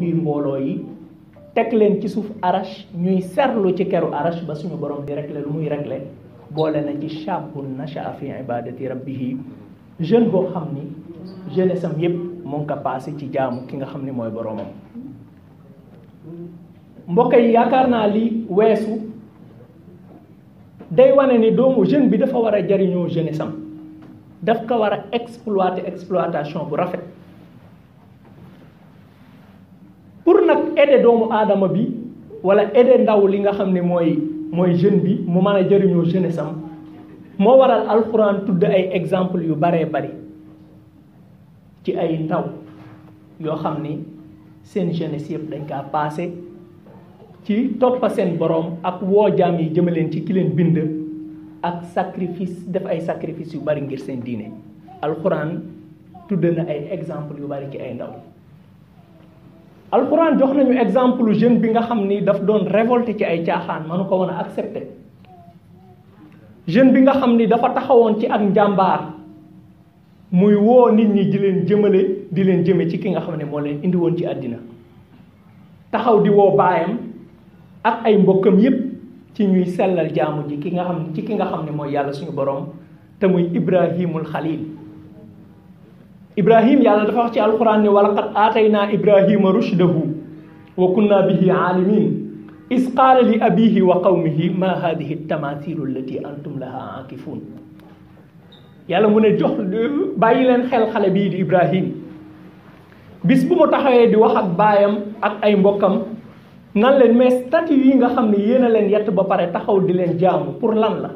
biir mbooloo yi teg leen ci suuf arash ñuy serlu ci keru arash ba suñu borom di régler lu muy régler boole na ci shabun nashaa fi ibadati rabbihi jeune boo xam ni jeunesse sam yépp mu ngi ko ci jaamu ki nga xam ni mooy boromam mbokk yi yaakaar naa li weesu day wane ni doomu jeune bi dafa war a jariñoo jeunesse sam daf ko war a exploiter exploitation bu rafet aider doomu aadama bi wala aider ndaw li nga xamné ne moy jeune bi mu mëna a jeunesse am mo waral alxuraan tudde ay exemple yu bare bare ci ay ndaw yo xamné ni seen jeunesse yëpp dañ ka passé ci top seen borom ak wo jami yi jëmaleen ci ki bind ak sacrifice def ay sacrifice yu bari ngir seen diiné alxuraan tudde na ay exemple yu bari ci ay ndaw alxuraan jox nañu exemple jeune bi nga xam ni daf doon révolté ci ay caaxaan manu ko wan a accepté jeune bi nga xam ni dafa taxawoon ci ak njàmbaar muy woo nit ñi di leen jëmale di leen jëme ci ki nga xam ne moo leen indi woon ci àddina taxaw di woo baayam ak ay mbokkam yépp ci ñuy sellal jaamu ji ki nga xam ci ki nga xam ne mooy yàlla suñu borom te muy ibrahimul xalil ibrahim yàlla dafa wax ci alquran ne walaqad aataynaa ibrahima rushdahu wa kunna bihi aalimin is qaala li abihi wa qawmihi ma hadihi tamaasilu allati antum laha aakifuun yàlla mu ne jox bàyyi leen xel xale bii di ibrahim bis bu mu taxawee di wax ak baayam ak ay mbokkam nan leen mais statut yi nga xam ne yéen a leen yett ba pare taxaw di leen jaamu pour lan la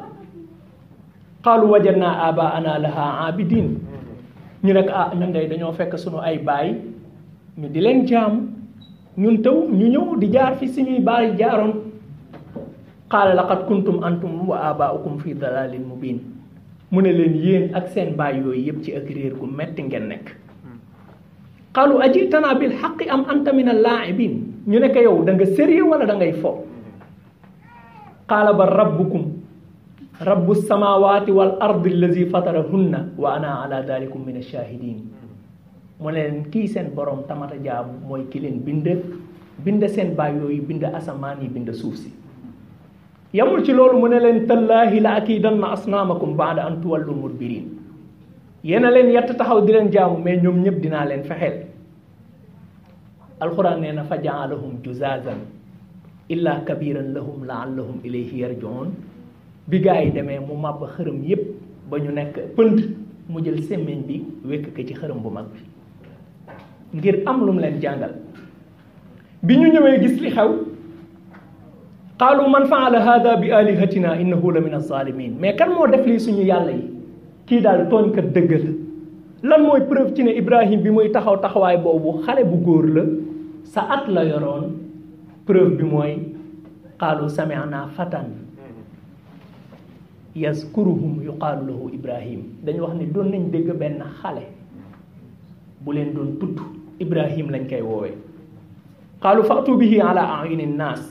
qaalu wajadnaa abaana laha aabidin ñu nekk ah ñun day dañoo fekk suñu ay baay ñu di leen jaam ñun taw ñu ñëw di jaar fi suñuy baay jaaroon qaala laqad kuntum antum wa abaaukum fi dalalin mubin mu ne leen yéen ak seen baay yooyu yëpp ci ak réer gu metti ngeen nekk qaalu ajitana bil xaqi am anta min al laaibin ñu nekk yow da nga sérieux wala da ngay fo qaala ba rabbukum rabbu samawati wal ardi allazi fatarahunna wa ana ala dalikum min ashahidin mu ne leen kii seen borom tamata jaam mooy ki leen bind bind seen baay yooyu bind asamaan yi bind suuf si yamul ci loolu mu ne leen tallaahi la akidanna asnaamakum baada an tuwallu mudbirin yéena leen yett taxaw di leen jaamu mais ñoom ñëpp dinaa leen fexeel alxuraan nee na fa jaalahum juzazan illa kabiran lahum laallahum ilayhi yarjiun bi gaa yi demee mu màbb xërëm yépp ba ñu nekk pënd mu jël semmiñ bi wekk ko ci xërëm bu mag bi ngir am lu mu leen jàngal bi ñu ñëwee gis li xew qaalu man faala hada bi alihatina innahu la min alzalimin mais kan moo def lii suñu yàlla yi kii daal tooñkat dëgg la lan mooy preuve ci ne Ibrahim bi muy taxaw taxawaay boobu xale bu góor la sa at la yoroon preuve bi mooy qaalu samiana fatan yazkuruhum yuqaalu lahu ibrahim dañu wax ni doon nañ dégg benn xale bu leen doon tudd ibrahim lañ koy woowee bi faatu bihi ala ayuni naas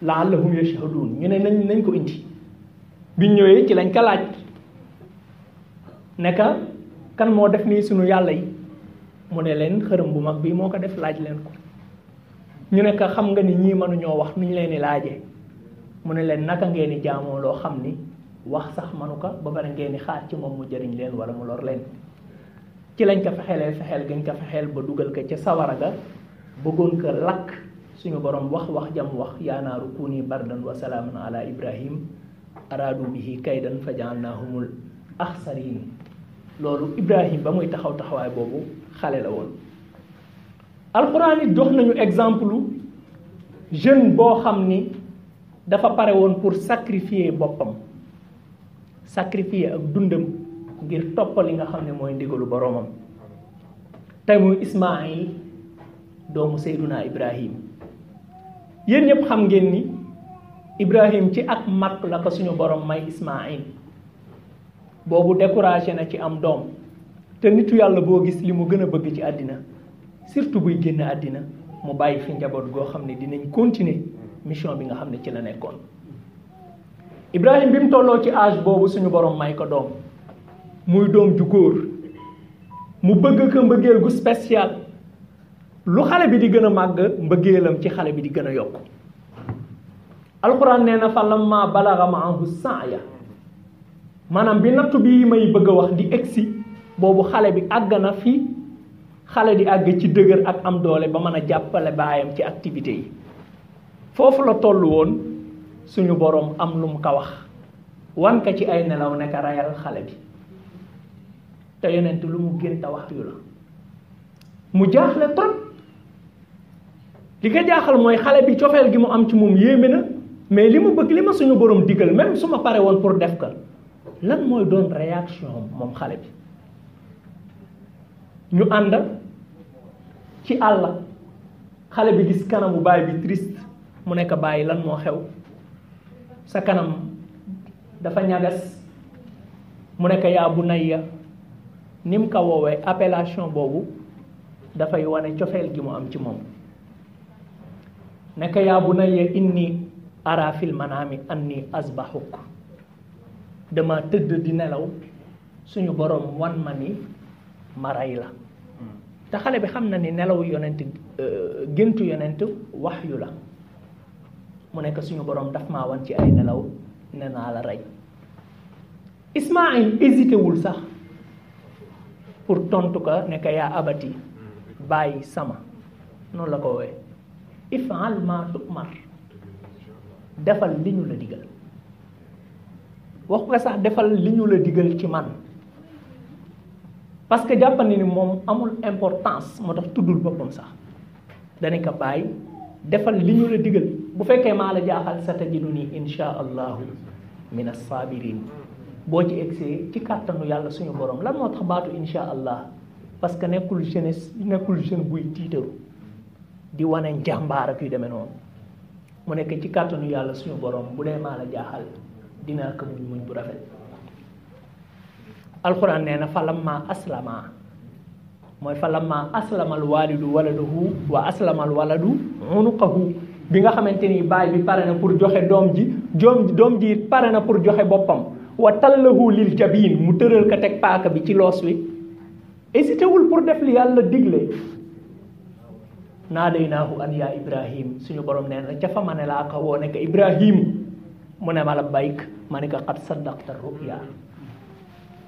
laallahum yashhaduun ñu ne nañ nañ ko indi biñ ñëwee ci lañ ko laaj ne kan moo def nii sunu yàlla yi mu ne leen xërëm bu mag bi moo ko def laaj leen ko ñu ne ka xam nga ni ñii mënuñoo wax nuñ leen di laajee mu ne leen naka ngeen di jaamoo loo xam ni wax sax manuka ba bari ngeen xaar ci mom mu jëriñ leen wala mu lor leen ci lañ ko fexele fexel gën ko fexel ba duggal ko ci sawara ga bëggoon ko lak suñu borom wax wax jam wax yaanaaru kuni bardan wa salaman ala ibrahim aradu bihi kaydan fajalnahumul akhsarin lolu ibrahim ba muy taxaw taxaway bobu xale la won alquran dox nañu exemple jeune bo xamni dafa paré won pour sacrifier bopam sacrifier ak dundam ngir toppal li nga xam ne mooy ndigalu boroomam tey muy Ismaayil doomu Seyduna Ibrahim yéen ñëpp xam ngeen ni Ibrahim ci ak mat la ko suñu borom may Ismaayil boobu découragé na ci am doom te nitu yàlla boo gis li mu gën a bëgg ci àddina surtout buy génn àddina mu bàyyi fi njaboot goo xam ne dinañ continuer mission bi nga xam ne ci la nekkoon Ibrahim bim tolo ci âge bobu suñu borom may ko dom muy dom ju góor mu bëgg ko mbëggeel gu spécial lu xalé bi di gëna mag màgg mbëggeelam ci xalé bi di gëna yok alquran neena fa balaga maahu saaya manam bi nattu bi may bëgg wax di exi bobu xalé bi agana na fi xalé di ag ci dëgër ak am doole ba mëna jappalé bayam ci activité yi fofu la tollu won suñu borom am lum ka wax wan ka ci ay nelaw ne ka rayal xale bi te yonent lu mu gënta wax yu la mu jaaxle trop li jaaxal mooy xale bi cofeel gi mu am ci moom yéeme na mais li mu bëgg li ma suñu borom digal même su ma pare woon pour def ka lan mooy doon réaction moom xale bi ñu ànd ci àll xale bi gis kanamu baay bi triste mu nekk bàyyi lan moo xew sa kanam dafa ñagas mu nekk yaa bu nay ya ni mu ko woowee appellation boobu dafay wane cofeel gi mu am ci moom nekk yaa bu nay ya inni ara fil manaami anni asbaxuk dama tëdd di nelaw suñu boroom wan ma ni ma rey la hmm. te xale bi xam na ni nelaw yonent euh, géntu yonent wax yu la mu nekk suñu borom daf maa wan ci ay nelaw ne naa la rey ismail hésité wul sax pour tontu ka ne ka abati bàyyi sama noonu la ko wooye ifaal ma tukmar defal li ñu la digal wax ko sax defal li ñu la digal ci man parce que ni moom amul importance moo tudul tuddul boppam sax dana ko bàyyi defal li la digal bu fekkee maa la jaaxal sa tajiduni insha allahu min assabirin boo ci egsee ci kàttanu yàlla suñu borom lan moo tax baatu insha allah parce que nekkul jeunesse nekkul jeune buy tiitaru di wane njàmbaar ak yu demee noonu mu nekk ci kàttanu yàlla suñu borom bu dee maa la jaaxal dinaa ko muñ muñ bu rafet alxuraan nee na falamma aslama mooy falamma aslamal waalidu waladuhu wa aslamal waladu unuqahu bi nga xamante ni baay bi pare na pour joxe doom ji doom doom ji pare na pour joxe boppam wa tallahu ca jabin mu tëral ko teg paaka bi ci loos wi hésité pour def li yàlla digle naa day naahu an yaa ibrahim suñu borom nee na ca fa ma ne laa ko woo ne ko ibrahim mu ne ma la bayk ma ne ko xat saddaqta ruya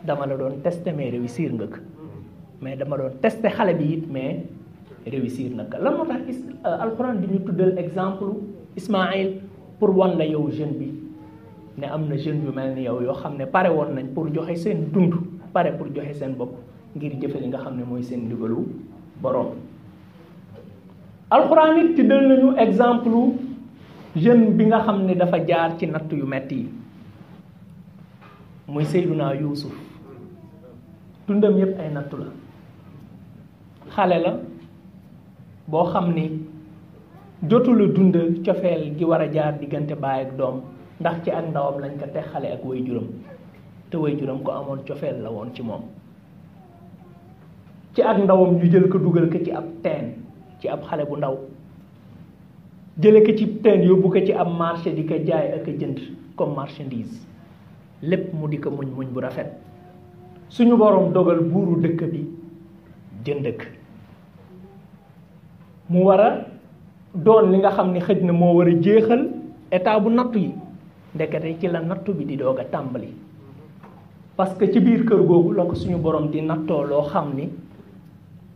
dama la doon testé mais réussir nga ko mais dama doon testé xale bi it mais réussir nag la moo tax euh, alxuraan di ñu tuddal exemple Ismaïl pour wan la yow jeune bi ne am na jeune yu mel ni yow yoo xam ne pare woon nañ pour joxe seen dund pare pour joxe seen bopp ngir jëfe li nga xam ne mooy seen ndigalu boroom alxuraan tuddal nañu exemple jeune bi nga xam ne dafa jaar ci natt yu metti yi muy Seydunaa Yuusuf dundam yépp ay nattu la xale la boo xam ni jotula dund cofeel gi war a jaar diggante baay ak doom ndax ci ak ndawam lañ ko texale ak way juróom te way juram ko amoon cofeel la woon ci moom ci ak ndawam ñu jël ko dugal ko ci ab teen ci ab xale bu ndaw jële ko ci teen yóbbu ko ci ab marché di ko jaay ak a jënd comme marchandise lépp mu di ko muñ muñ bu rafet suñu boroom dogal buuru dëkk bi jënd ko mu war a doon li nga xam ne xëj na moo war a jeexal état bu nattu yi ndekete ci la nattu bi di doog a tàmbali parce que ci biir kër googu la ko suñu borom di nattoo loo xam ni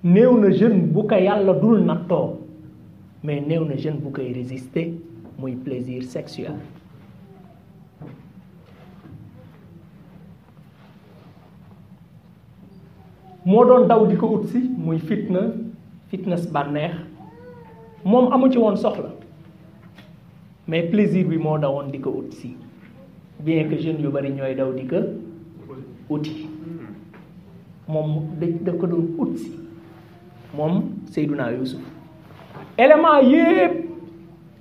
néew na jeune bu ko yàlla dul nattoo mais néew na jeune bu koy résister muy plaisir sexuel moo doon daw di ko ut si muy fitna fitness bànneex moom amu ci woon soxla mais plaisir bi moo dawoon di bien que je yu bari ñooy daw di ko uti moom ko doon ut si moom Seydunaa Yuusuf élément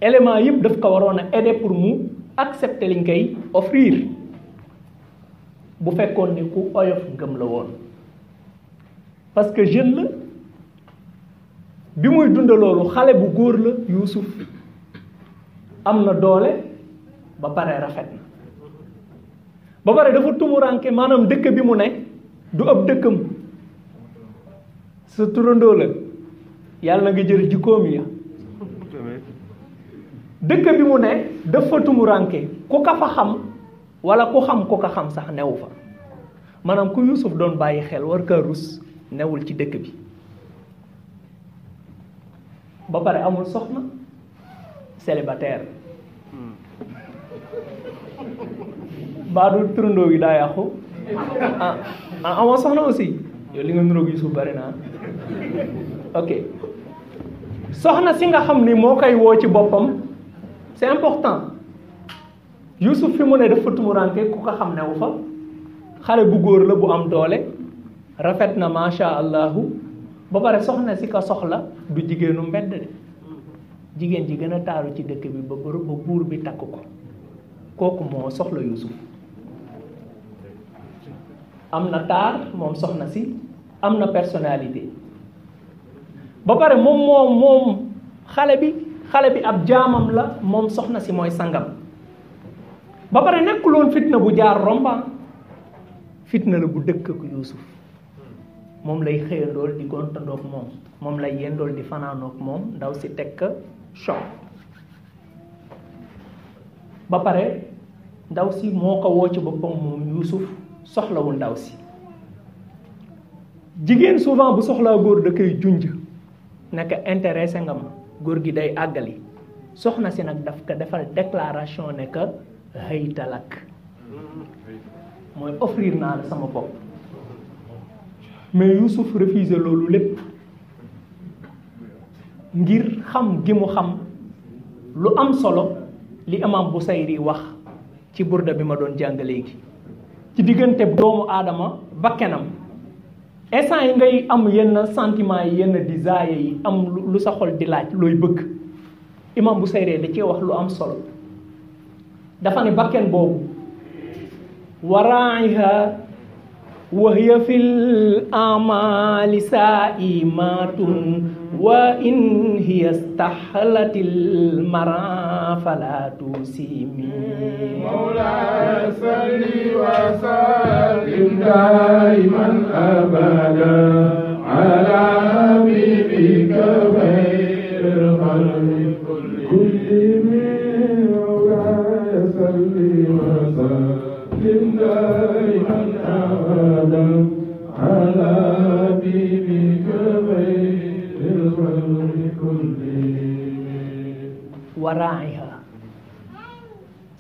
élément daf ko waroon aider pour mu accepter liñ offrir bu fekkoon ku oyof parce que jeune le bi muy dund loolu xale bu góor la Yuusuf am na doole ba pare rafet na ba pare dafa tumuranke maanaam dëkk bi mu ne du ab dëkkam sa turandoo yàlla ngi nga jël jikkoom ya dëkk bi mu ne dafa tumuraanke ku ka fa xam walla ku xam ku ka xam sax newu fa maanaam ku Yuusuf doon bàyyi xel war kaa rus newul ci dëkk bi ba pare amul soxna célibataire mbaa hmm. du turandoo gi daa yàqu ah ah amoo soxna aussi yow li nga nuroog Yuusuf bari naa ok soxna si nga xam ni moo koy woo ci boppam c'est important Yuusuf fi mu ne dafa tumuranke ku ko xam ne wu xale bu góor la bu am doole rafet na macha allahu ba pare soxna si ko soxla du jigéenu mbedd de jigéen ji gën a taaru ci dëkk bi ba buur bi takk ko kooku moo soxla Yuusuf am na taar moom soxna si am na personnalité ba pare moom moom xale bi xale bi ab jaamam la moom soxna si mooy sangam ba pare nekkuloon fitna bu jaar romba fitna la bu dëkk Yuusuf moom lay xëyandool di gontandoog moom moom lay yendool di fanaanoog moom ndaw si tekk choc ba pare ndaw si moo ko woo ci boppam moom Yuusuf soxlawul ndaw si souvent bu soxlaa gur da koy junj nekk intéressé nga ma góor gi day àggali soxna si nag daf ko defal déclaration ne que xëytalak mm-hmm. mooy offrir sama mais Youssouf refusé loolu lépp ngir xam gi mu xam lu am solo li imam Busayri wax ci burda bi ma doon jàng léegi ci diggante doomu aadama bakkenam instant yi ngay am yenn sentiment yi yenn desire yi am lu sa xol di laaj looy bëgg imam Busayri da cee wax lu am solo dafa ne bakken boobu waraiha وهي في الأعمال سائمة وإن هي استحلت المرا فلا تسيمي مولاي سلي وسلم دائما أبدا على حبيبك خير الخلق كلهم مولاي صل وسلم لله أن أعلم على حبيبك خير الخلق كلهم وراعيها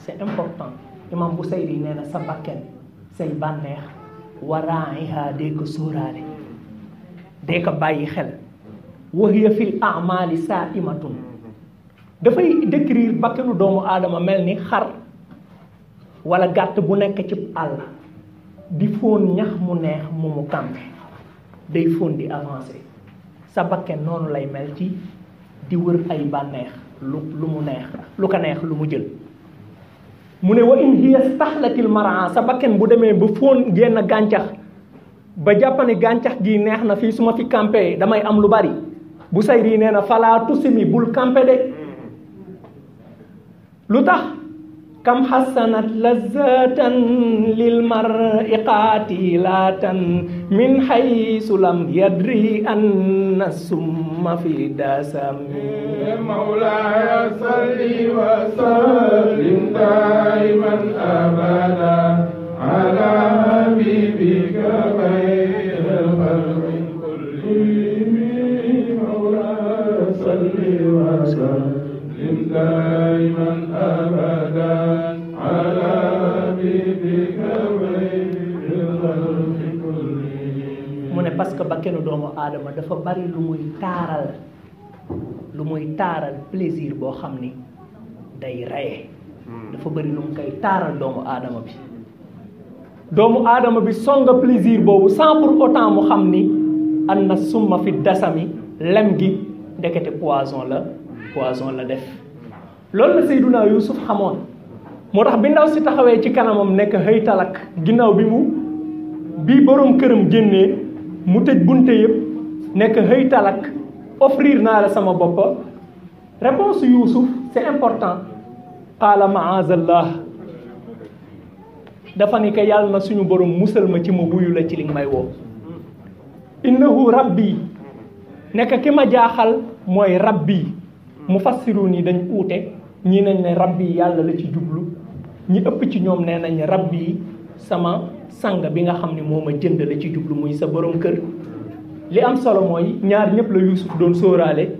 c'est important imam Busayri nee na sa bakkan say bànneex waraayiha dee ko sóoraale dee ko bàyyi xel wahiya fil amali saa imatun dafay décrire bakkanu doomu aadama mel ni xar wala gàtt bu nekk ci àll di fóon ñax mu neex mu mu kàmpe day fóon di avancer sa bakke noonu lay mel ci di wër ay bànneex lu lu mu neex lu ka neex lu mu jël mu ne wa in hiya stahlatil mar'a sa bakken bu demee ba fóon génn gàncax ba jàppane gàncax gi neex na fii su ma fi campé damay am lu bari bu sayri nee na falaa tusimi bul campé de Lutah. كم حسنت لذة للمرء قاتلاتا من حيث لم يدري أن السم في دسم مولاي صل وسلم دائما أبدا على حبيبك خير parce que ba bakkenu doomu aadama dafa bari lu muy taaral lu muy taaral plaisir boo xam ni day reye hmm. dafa bari lu mu koy taaral doomu aadama bi doomu aadama bi songa plaisir boobu sans pour autant mu xam ni am na summa fi dasami lem gi ndekete poison la poison la def loolu la Seydunaa Yuusuf xamoon moo tax bi ndaw si taxawee ci kanamam nekk xëy talak ginnaaw bi mu bi boroom këram génnee mu tëj bunte yëpp nekk xëy talak offrir naa la sama bopp réponse Yuusuf c'est important qaala maazallah dafa ni ko yàlla na suñu borom musal ma ci ma wuyu la ci li may woo innahu rabbi nekk ki ma jaaxal mooy rabbi mu fassiru yi dañ uute ñii nañ ne rabbi yàlla la ci jublu ñi ëpp ci ñoom nee nañ rabbi sama sang bi nga xam ne moo ma jënd la ci jublu muy sa borom kër li am solo mooy ñaar ñëpp la Yuusuf doon sóoraale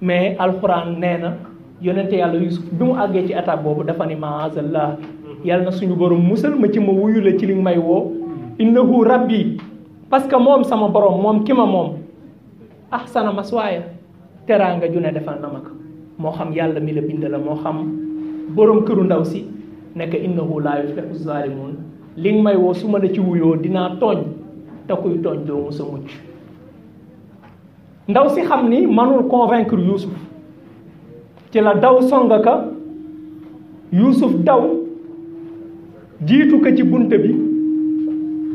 mais alxuraan nee na yonente yàlla Yuusuf bi mu àggee ci étape boobu dafa ne ni maazallah yàlla na suñu borom musal ma ci ma wuyu la ci li may woo innahu rabbi parce que moom sama borom moom ki ma moom ahsana maswaaya nga ju ne defal na ma moo xam yàlla mi la bind la moo xam borom këru ndaw si nekk innahu laa yuflihu zaalimuun li may woo su ma la ci wuyoo dinaa tooñ te kuy tooñ doo mës mucc ndaw si xam ni manul convaincre Yuusuf ci la daw song ka Yuusuf daw jiitu ko ci bunt bi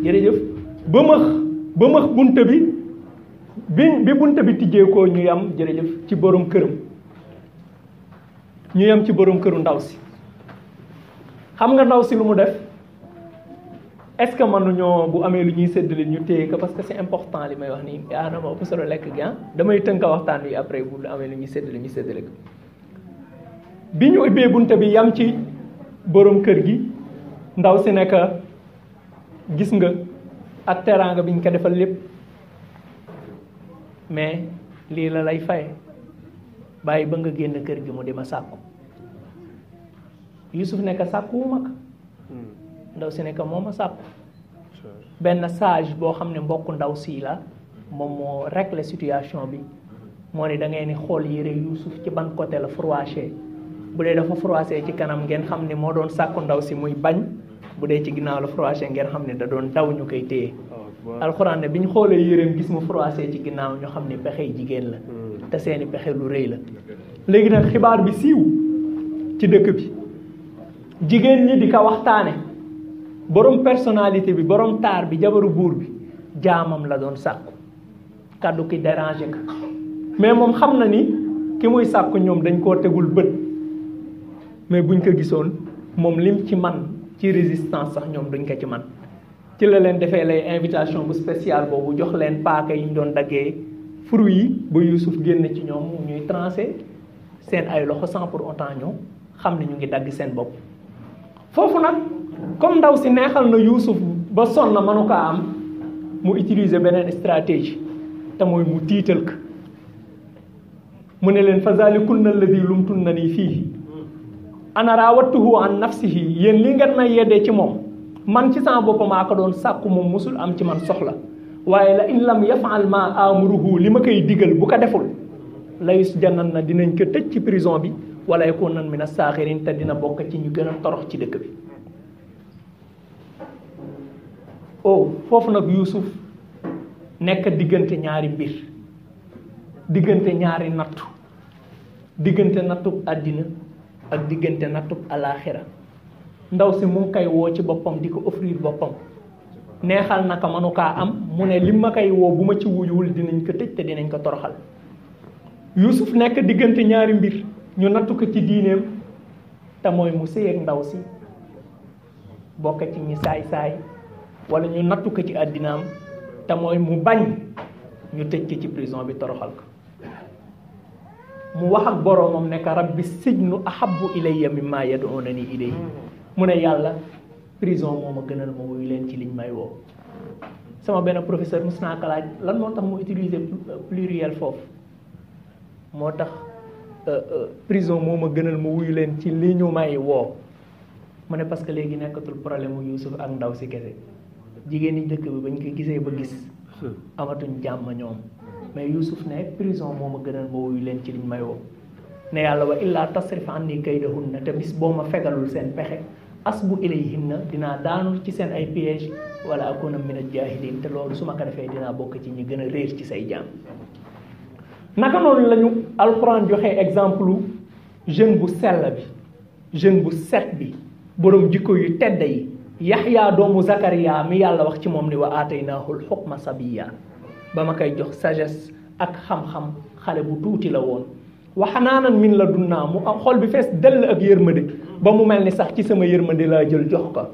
jërëjëf ba max ba max bunt bi bi bi bunt bi tijjeekoo ñu yam jërëjëf ci borom këram ñu yam ci borom këru ndaw si xam nga ndaw si lu mu def est-ce que mënuñoo bu amee lu ñuy séddale ñu téye ko parce que c'est important li may wax nii ah dama ëpp solo lekk gi ah damay tënk waxtaan wi après bu amee lu ñuy séddale ñu séddale ko bi ñu ubbee bunte bi yam ci borom kër gi ndaw si nekk gis nga ak teraanga bi ñu ko defal lépp mais lii la lay faye bàyyi ba nga génn kër gi mu di ma sàkku Yusuf nekk sàkkuwu mag ndaw si ne que moom a sàpp benn sage boo xam ne mbokk ndaw sii la moom moo régler situation bi mm-hmm. moo ne da ngeen ni xool yére Yuusuf ci ban côté la froissé bu dee dafa froissé ci kanam ngeen xam ne moo doon sàkku ndaw si muy bañ bu dee ci ginnaaw la froissé ngeen xam ne da doon daw ñu koy téye alxuraan ne bi ñu xoolee yéreem gis mu froissé ci ginnaaw ñu xam ne pexe jigéen la mm. te seeni pexe lu rëy la léegi nag xibaar bi siiw ci dëkk bi jigéen ñi di ka waxtaane borom personalité bi borom taar bi jabaru buur bi jaamam la doon sàkku kàddu ki dérangé ka mais moom xam na ni ki muy sàkku ñoom dañ koo tegul bët mais buñ ko gisoon moom lim ci man ci résistance sax ñoom duñ ko ci man ci la leen defee lay invitation bu spéciale boobu jox leen paaka yi ñu doon daggee fruit yi ba Yuusuf génn ci ñoom ñuy trancé seen ay loxo sans pour autant ñoo xam ne ñu ngi dagg seen bopp foofu nag comme ndaw si neexal na Yuusuf ba sonn mënu ko am mu utiliser beneen stratégie te mooy mu tiital ko mu ne leen fa zalikunna alladi lumtunna nii fii ana raawattuhu an nafsihi yéen li ngeen may yeddee ci moom man ci sama bopp maa ko doon sàkku moom musul am ci man soxla waaye la in lam yafaal ma amuruhu li ma koy digal bu ko deful layus jannan na dinañ ko tëj ci prison bi wala yakun nan min a saaxirin te dina bokk ci ñu gën a torox ci dëkk bi oh foofu nag Yuusuf nekk diggante ñaari mbir diggante ñaari nattu diggante nattub àddina ak diggante nattub alaaxira ndaw si mu ngi koy woo ci boppam di ko offrir boppam neexal naka mënu kaa am mu ne li ma koy woo bu ma ci wuyuwul dinañ ko tëj te dinañ ko toroxal Yuusuf nekk diggante ñaari mbir ñu nattu ko ci diineem te mooy mu sëy ak ndaw si bokk ci ñi saay saay wala ñu nattu ko ci àddinaam te mooy mu bañ ñu tëj ko ci prison bi toroxal ko mu wax ak boroomam ne ko rabbi sijnu ahabbu ilayya mimma yad'unani ilayhi mu ne yàlla prison moo ma gënal ma leen ci liñ may woo sama benn professeur mos lan moo tax mu utiliser pluriel foofu moo tax euh, euh, prison moom a gënal mu wuy leen ci li ñu may woo mu ne parce que léegi nekkatul problème mu Yuusuf ak ndaw si kese jigéen ñi dëkk bi ñu ko gisee ba gis amatuñ jàmm ñoom mais Youssouf ne prison moom ma gënal ma wuyu leen ci liñ may woo ne yàlla wa illaa tasrif anni kaydahunna te bis boo ma fegalul seen pexe asbu ilayhinna dinaa daanu ci seen ay piège wala akuna min al-jaahiliin te loolu su ma ko defee dinaa bokk ci ñi gën a réer ci say jaam naka noonu la alxuraan joxe exemple jeune bu sella bi jeune bu set bi boroom jikko yu tedd yi yaxyaa doomu zakariya mi yàlla wax ci moom ni wa aataynaahul xukma sabiya ba ma koy jox sagesse ak xam-xam xale bu tuuti la woon waxanaanan min la dunnaa mu am xol bi fees dell ak yërmande ba mu mel ni sax ci sama yërmande laa jël jox ko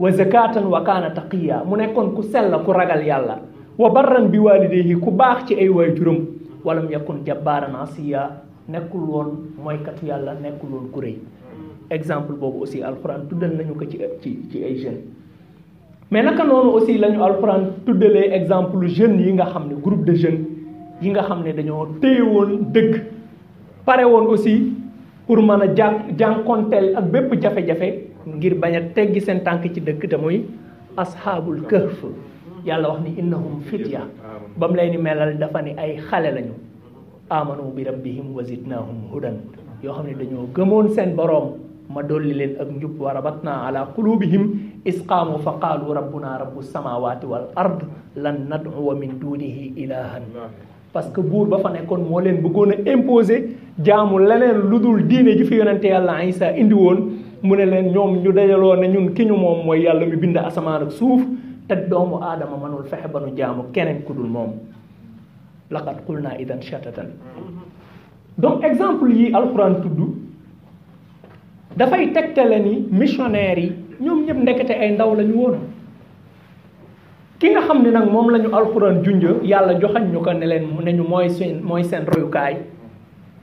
wa zakatan wa kaana taqiya mu nekkoon ku sell ku ragal yàlla wa barran bi waalidayhi ku baax ci ay waajuram walam yakun jabbaaran asiya nekkul woon mooykatu yàlla nekkul woon ku rëy exemple boobu aussi alxuraan tuddal nañu ko ci ci ci ay jeunes mais naka noonu aussi la ñu alxuraan tuddalee exemple jeunes yi nga xam ne groupe de jeunes yi nga xam ne dañoo téye woon dëgg pare woon aussi pour mën a jà jànkonteel ak bépp jafe-jafe ngir bañ a teggi seen tànk ci dëkk te muy asxaabul kahf yàlla wax ni innahum fitya ba mu lay ni melal dafa ni ay xale lañu amanu bi rabbihim naa zidnahum hudan yoo xam ne dañoo gëmoon seen boroom ma dolli leen ak njub wa rabatna ala qulubihim isqaamu fa qaalu rabbuna rabbu samawati wal ard lan nad'uwa min dunihi ilahan parce que buur ba fa nekkoon moo leen bëggoon a imposer jaamu leneen lu dul diine ji fi yonente yàlla Isa indi woon mu ne leen ñoom ñu dajaloo ne ñun ki ñu moom mooy yàlla mi bind asamaan ak suuf te doomu aadama mënul fexe ba nu jaamu keneen ku dul moom laqad qulna idan shatatan donc exemple yi alquran tudd dafay tegtale ni missionnaire yi ñoom ñëpp ndekete ay ndaw lañu woon ki nga xam ne nag moom lañu alquran junj yàlla joxañ ñu ko ne leen ne ñu mooy seen mooy seen royukaay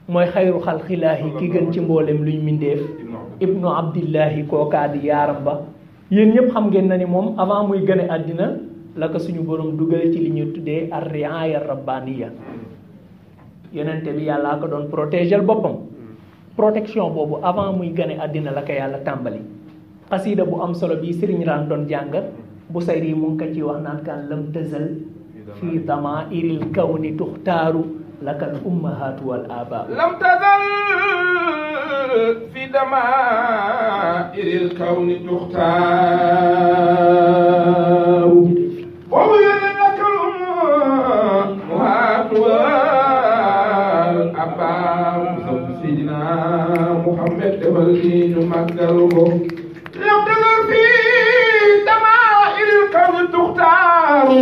mooy xayru xalqilaahi ki gën ci mboolem luy mindeef ibnu abdillahi kookaa di yaaram ba yéen ñëpp xam ngeen na ni moom avant muy gëne àddina la ko suñu borom dugal ci li ñu tuddee ar riaya rabbaniya yonente bi yàlla ko doon protégel boppam protection boobu avant muy gane àddina la ko yàlla tàmbali xasiida bu am solo bi sëriñ raan doon jàng bu sayri yi mu ci wax naan kaan lam tësal fii dama iril kaw ni tuxtaaru lakal ummahaatu wal aba محمد دبل فين مقدره لم تزل في دمائر الكون تختار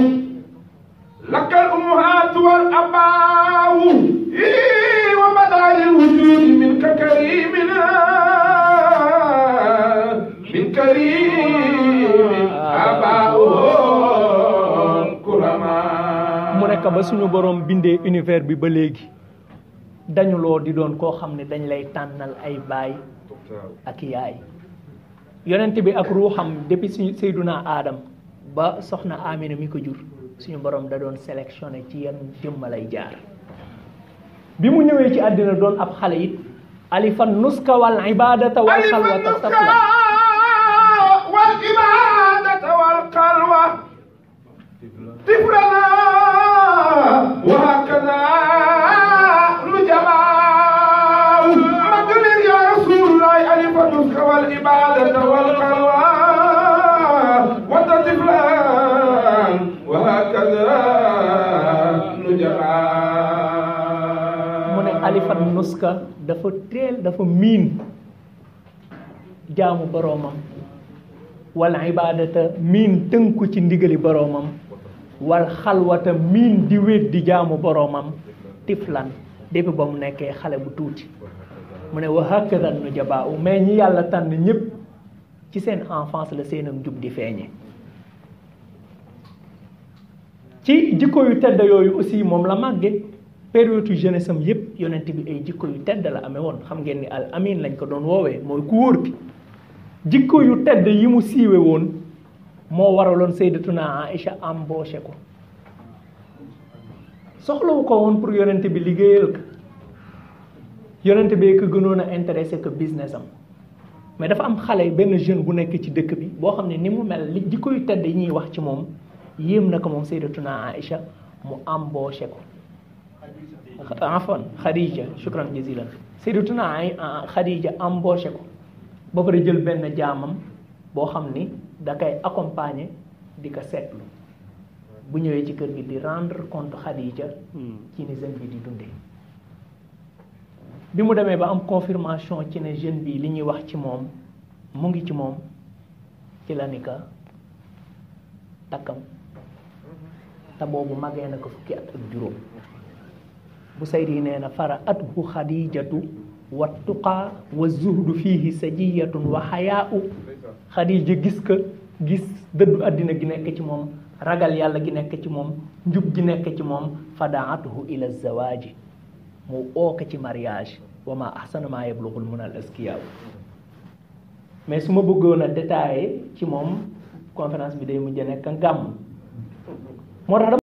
لك الأمهات والأباء إيه، ومدار الوجود منك كريم من كريم أباؤهم كرما mu nekk ba suñu borom bindee univers bi ba léegi dañuloo di doon koo xam ne dañ lay tànnal ay baay ak yaay yonent bi ak ruuxam depuis suñu seyduna aadam ba soxna amina mi ko jur suñu borom da doon sélectionné ci yan jëmmalay jaar bi mu ñëwee ci àddina doon ab xale it alifa nuska wal ibadata wal khalwa safla wal ibadata wal khalwa tiflana muska dafa teel dafa miin jaamu boroomam walla ibaadata miin tënku ci ndigali boroomam wal xalwata miin di wéet di jaamu boroomam tiflan depuis ba mu nekkee xale bu tuuti mu ne wa hakadan nu jabaaw mais ñi yàlla tànn ñépp ci seen enfance la seenam jub di feeñe ci jikko yu tedd yooyu aussi moom la màgge période jeunesse am yépp yonent bi ay jikko yu tedd la amee woon xam ngeen ni al amin lañ ko doon woowee mooy ku wóor bi jikko yu tedd yi mu siiwe woon moo waraloon sayyidatuna am embauché ko soxlawu ko woon pour yonent bi liggéeyal ko yonent bee ko gënoon a intéressé ko business am mais dafa am xale benn jeune bu nekk ci dëkk bi boo xam ne ni mu mel li jikko yu tedd yi ñuy wax ci moom yéem na ko moom sayyidatuna Aïcha mu am embauché ko afon Khadija shukran jazilan sayyidatuna Khadija embauché ko ba pare jël ben jaamam boo xam ni da koy accompagner di ko seetlu bu ñëwee ci kër di rendre compte Khadija ci ni jeune bi di dundee bi mu ba am confirmation ci ne jeune bi li wax ci mom mu ngi ci ci la ka takkam te na ko bu sayri nee na fara at xadijatu wa tuqaa wa zuhdu fiihi sajiyatun wa xayaau xadija gis ka gis dëddu àddina gi nekk ci moom ragal yàlla gi nekk ci moom njub gi nekk ci moom fadaatuhu ila zawaaji mu ooka ci mariage wa ma ahsana ma yablughul mun al askiyaaw mais su ma bëggoon a ci moom conférence bi day mujj nekk gàmm moo tax